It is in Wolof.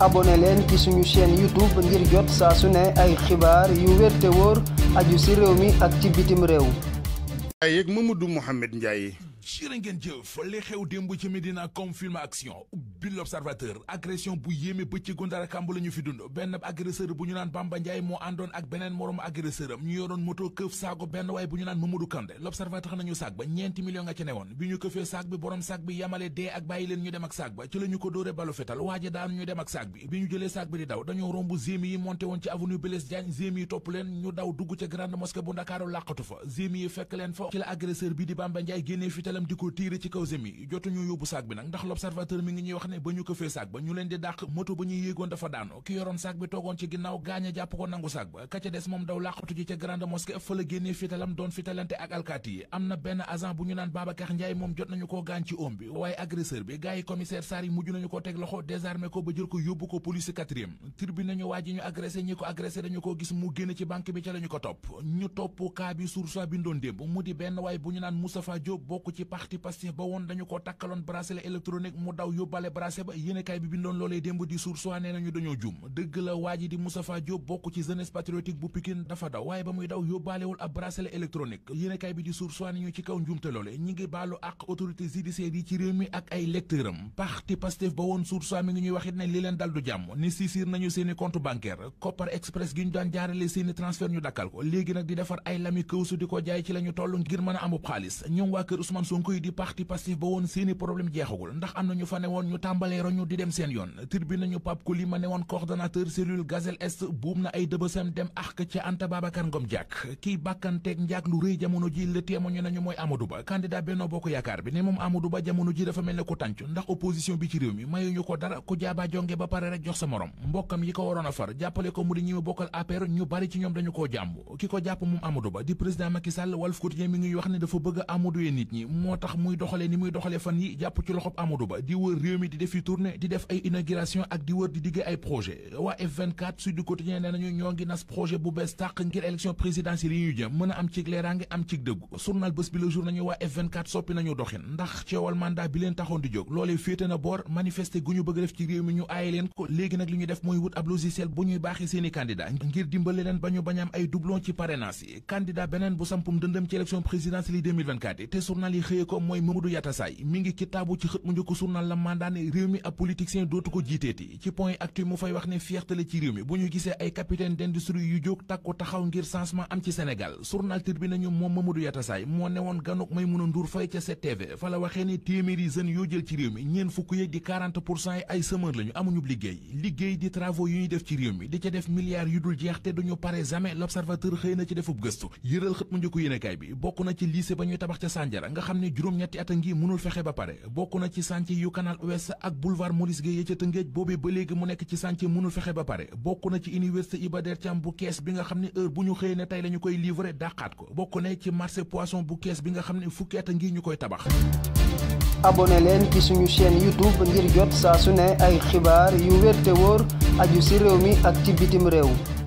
abonné leen ci suñu chaîne YouTube ngir jot saa su ne ay xibaar yu wér te wóor aju si réew mi ak ci bitim réew. ay yeeg Mamadou Mouhamed Ndiaye. ngeen jëf li xew démb ci Medina comme film ubbi l'observateur agression bu yéeme bëccëgu Ndarakamb la ñu fi dund benn agresseur bu ñu naan Bamba Ndiaye moo àndoon ak beneen moroom agresseur ñu yoroon moto këf saago benn waaye bu ñu naan Mamadou Kande l'observateur nañu saag ba ñeenti million nga ca newoon bi ñu këfee saag bi borom saag bi yamale dee ak bàyyi ñu dem ak saag ba ci la ko dóore balu fetal waaje daan ñu dem ak saag bi bi ñu jëlee saag bi di daw dañoo romb gémi yi monté ne ba ñu ko fee saak ba ñu leen di dàq moto ba ñuy yéegoon dafa daanu ki yoroon saak bi toogoon ci ginnaaw gaaña jàpp ko nangu saak ba ka des moom daw làqatu ca grande mosquée fa la génnee fitalam doon fitalante ak alkaati yi am na benn agent bu ñu naan Babacar Ndiaye moom jot nañu koo gaañ ci oom bi waaye agresseur bi gars yi commissaire mujj nañu koo teg loxo désarmé ko ba jël ko yóbbu ko police quatrième tribune nañu waa ji ñu agressé ñi ko agressé brassé ba yéenekaay bi bindoon loolee démb di source waa nee nañu dañoo juum dëgg la waa ji di Moustapha Diop bokk ci jeunesse patriotique bu Pikine dafa daw waaye ba muy daw yóbbaalewul ab bracelet électronique yéenekaay bi di source waa nañu ci kaw njuumte loole ñi ngi baalu ak autorité judiciaire yi ci réew mi ak ay lecteur am parti ba woon source waa mi ngi ñuy waxit ne li leen dal jàmm ni siisir nañu seeni compte bancaire Copar Express gi ñu daan jaarale seeni transfert ñu tàmbalee roñu di moom Amadou Ba jamono ji dafa mel ne ku tànc ndax opposition bi ci réew mi mayuñu ko dara ku jaaba jonge ba pare rek jox sa morom mbokkam yi ko waroon a far jàppale ko mu di ñi bokkal APR ñu bari ci ñoom dañu koo jàmb ki ko jàpp moom Amadou Ba di président Macky Sall Walf mi ngi wax ne dafa bëgg a nit ñi moo tax muy doxalee ni muy doxalee fan yi jàpp ci loxob Amadou Ba di wër réew mi def yu tournée di def ay inauguration ak di wër di digge ay projet waa F24 Sud du Quotidien nee nañu ñoo ngi nas projet bu bees tàq ngir élection présidentielle yi ñu jëm mën a am cig leeraange am cig dëggu journal bés bi le jour nañu waa F24 soppi nañu doxin ndax ceewal mandat bi leen taxoon di jóg loolee féete na boor manifester gu ñu bëgg def ci réew mi ñu aaye leen ko léegi nag li ñu def mooy wut ab logiciel bu ñuy baaxee seeni candidat ngir dimbale leen ba ñu bañ am ay doublon ci parrainage yi candidat beneen bu sampum dëndëm ci élection présidentielle yi 2024 ngi kitaabu ci xët mu njëkk journal la mandat réew mi ab politicien dootu ko jiiteeti ci point actu mu fay wax ne fierté la ci réew mi bu ñu gisee ay capitaine d'industrie yu jóg takku taxaw ngir changement am ci Sénégal journal Tribune nañu moom Mamadou Yatassay moo newoon ganuk Maïmouna Ndour Faye ca 7TV fa la waxee ne téeméeri jeunes yoo jël ci réew mi ñeen fukk yeeg di 40 pour cent yi ay chômeur lañu amuñu liggéey liggéey di travaux yu ñuy def ci réew mi di ca def milliards yu dul jeex te duñu pare jamais l'observateur xëy na ci defub gëstu yëral xët mu njëkku bokk na ci lycée ba ñuy tabax ca Sandiara nga xam ne juróom-ñetti at a ngi mënul fexe ba bokk na ci chantier yu canal ak boulevard Maurice Guèye ca Tëngéej boobee ba léegi mu nekk ci chantier mënul fexe ba pare bokk na ci université Iba Der Thiam bu kees bi nga xam ne heure bu ñu xëyee ne tey la ñu koy livrer dàqaat ko bokk na ci marché poisson bu kees bi nga xam ne fukki at a ngi ñu koy tabax abonné leen ci suñu chaîne youtube ngir jot saa su ne ay xibaar yu wér te wóor aju si réew mi ak ci bitim réew